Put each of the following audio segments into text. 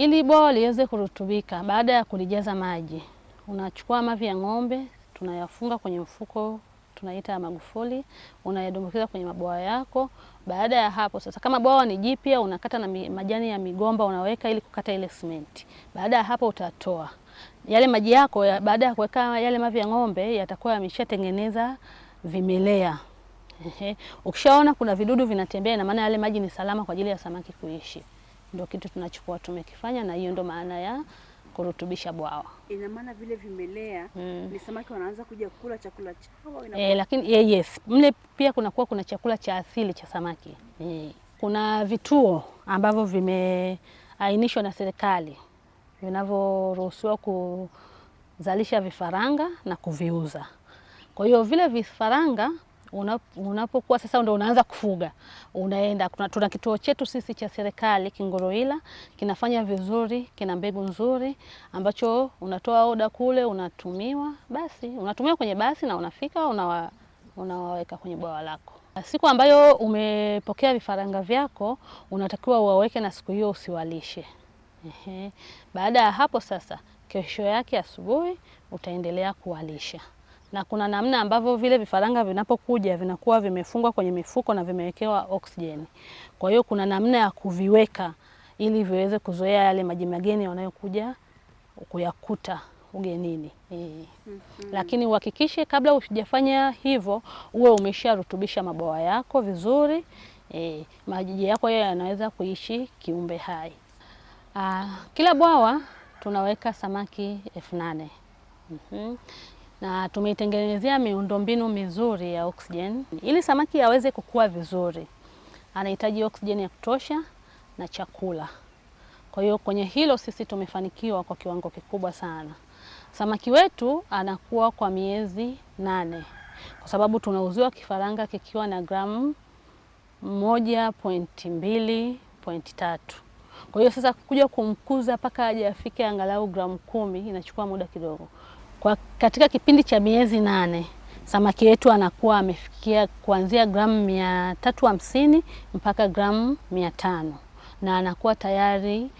Ili bwawa liweze kurutubika, baada ya kulijaza maji, unachukua mavi ya ng'ombe, tunayafunga kwenye mfuko tunaita magufuli, unayadumbukiza kwenye mabwawa yako. Baada ya hapo sasa, kama bwawa ni jipya, unakata na majani ya migomba unaweka ili kukata ile simenti. Baada ya hapo utatoa yale maji yako ya, baada ya kuweka yale mavi ya ng'ombe yatakuwa yameshatengeneza vimelea. Ukishaona kuna vidudu vinatembea, na maana yale maji ni salama kwa ajili ya samaki kuishi ndio kitu tunachokuwa tumekifanya, na hiyo ndio maana ya kurutubisha bwawa. Ina maana vile vimelea mm. ni samaki wanaanza kuja kula chakula chao e, lakini yeah, yes mle pia kunakuwa kuna chakula cha asili cha samaki e. Kuna vituo ambavyo vimeainishwa na serikali vinavyoruhusiwa kuzalisha vifaranga na kuviuza. Kwa hiyo vile vifaranga unapokuwa sasa ndo unaanza kufuga, unaenda tuna, tuna kituo chetu sisi cha serikali Kingoroila kinafanya vizuri, kina mbegu nzuri ambacho unatoa oda kule, unatumiwa basi, unatumiwa kwenye basi na unafika unawa, unawaweka kwenye bwawa lako. Siku ambayo umepokea vifaranga vyako unatakiwa uwaweke, na siku hiyo usiwalishe. Ehe, baada ya hapo sasa, kesho yake asubuhi utaendelea kuwalisha na kuna namna ambavyo vile vifaranga vinapokuja vinakuwa vimefungwa kwenye mifuko na vimewekewa oksijeni. Kwa hiyo kuna namna ya kuviweka ili viweze kuzoea yale maji mageni wanayokuja kuyakuta ugenini e. mm -hmm. Lakini uhakikishe kabla usijafanya hivyo uwe umesharutubisha mabwawa yako vizuri e. Maji yako hayo yanaweza kuishi kiumbe hai. Aa, ah, kila bwawa tunaweka samaki elfu nane. mm -hmm na tumeitengenezea miundombinu mizuri ya oksijeni ili samaki aweze kukua vizuri. Anahitaji oksijeni ya kutosha na chakula. Kwa hiyo kwenye hilo sisi tumefanikiwa kwa kiwango kikubwa sana. Samaki wetu anakuwa kwa miezi nane kwa sababu tunauziwa kifaranga kikiwa na gramu moja pointi mbili pointi tatu. Kwa hiyo sasa kuja kumkuza mpaka aje afike angalau gramu kumi inachukua muda kidogo. Kwa katika kipindi cha miezi nane samaki wetu anakuwa amefikia kuanzia gramu mia tatu hamsini mpaka gramu mia tano na anakuwa tayari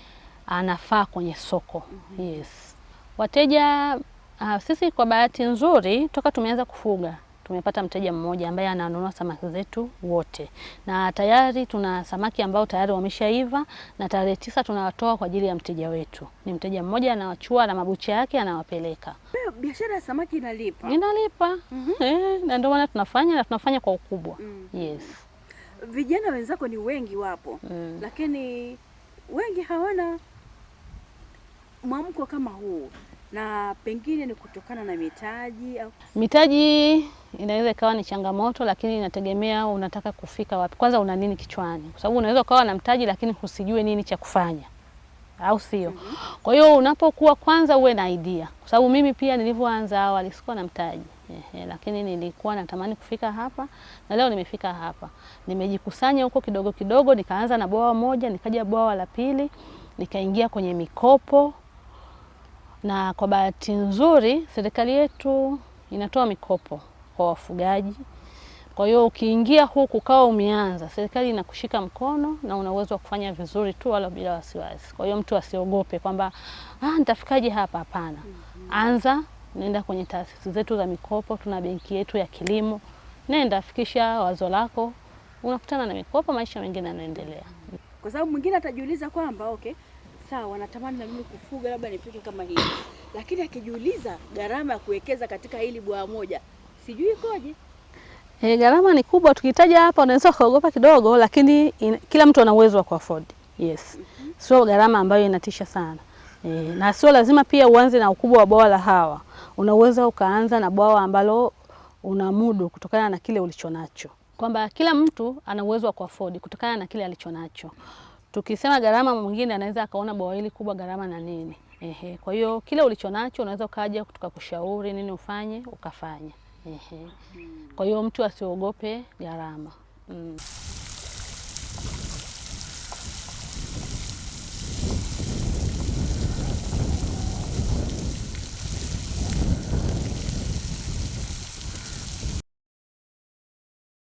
anafaa kwenye soko. Mm-hmm. Yes, wateja uh, sisi kwa bahati nzuri toka tumeanza kufuga tumepata mteja mmoja ambaye ananunua samaki zetu wote, na tayari tuna samaki ambao tayari wameshaiva, na tarehe tisa tunawatoa kwa ajili ya mteja wetu. Ni mteja mmoja anawachua na mabucha yake anawapeleka. Biashara ya samaki inalipa, inalipa mm -hmm. Eh, na ndio maana tunafanya na tunafanya kwa ukubwa mm. Yes, vijana wenzako ni wengi wapo mm. lakini wengi hawana mwamko kama huu na pengine ni kutokana na mitaji au... mitaji inaweza ikawa ni changamoto, lakini inategemea unataka kufika wapi. Kwanza una nini kichwani, kwa sababu unaweza ukawa na mtaji lakini usijue nini cha kufanya, au sio? mm -hmm. Kwa hiyo unapokuwa, kwanza uwe na idea, kwa sababu mimi pia nilivyoanza awali sikuwa na mtaji Ehe, lakini nilikuwa natamani kufika hapa na leo nimefika hapa. Nimejikusanya huko kidogo kidogo, nikaanza na bwawa moja, nikaja bwawa la pili, nikaingia kwenye mikopo na kwa bahati nzuri serikali yetu inatoa mikopo kwa wafugaji. Kwa hiyo ukiingia huku kawa umeanza, serikali inakushika mkono na una uwezo wa kufanya vizuri tu, wala bila wasiwasi. Kwa hiyo mtu asiogope kwamba ah, nitafikaje hapa. Hapana, anza, nenda kwenye taasisi zetu za mikopo, tuna benki yetu ya kilimo. Nenda fikisha wazo lako, unakutana na mikopo, maisha mengine yanaendelea. Kwa sababu mwingine atajiuliza kwamba okay sawa, natamani na mimi kufuga, labda nifike kama hivi, lakini akijiuliza gharama ya kuwekeza katika hili bwawa moja sijui ikoje. E, gharama ni kubwa, tukitaja hapa unaweza ukaogopa kidogo, lakini in, kila mtu ana uwezo wa kuafford. Yes. Mm -hmm. Sio gharama ambayo inatisha sana e, na sio lazima pia uanze na ukubwa wa bwawa la hawa. Unaweza ukaanza na bwawa ambalo unamudu kutokana na kile ulichonacho, kwamba kila mtu ana uwezo wa kuafford kutokana na kile alichonacho. Tukisema gharama, mwingine anaweza akaona bwawa hili kubwa, gharama na nini? Ehe, kwa hiyo kile ulicho nacho unaweza ukaja tukakushauri nini ufanye ukafanya. Ehe, kwa hiyo mtu asiogope gharama mm.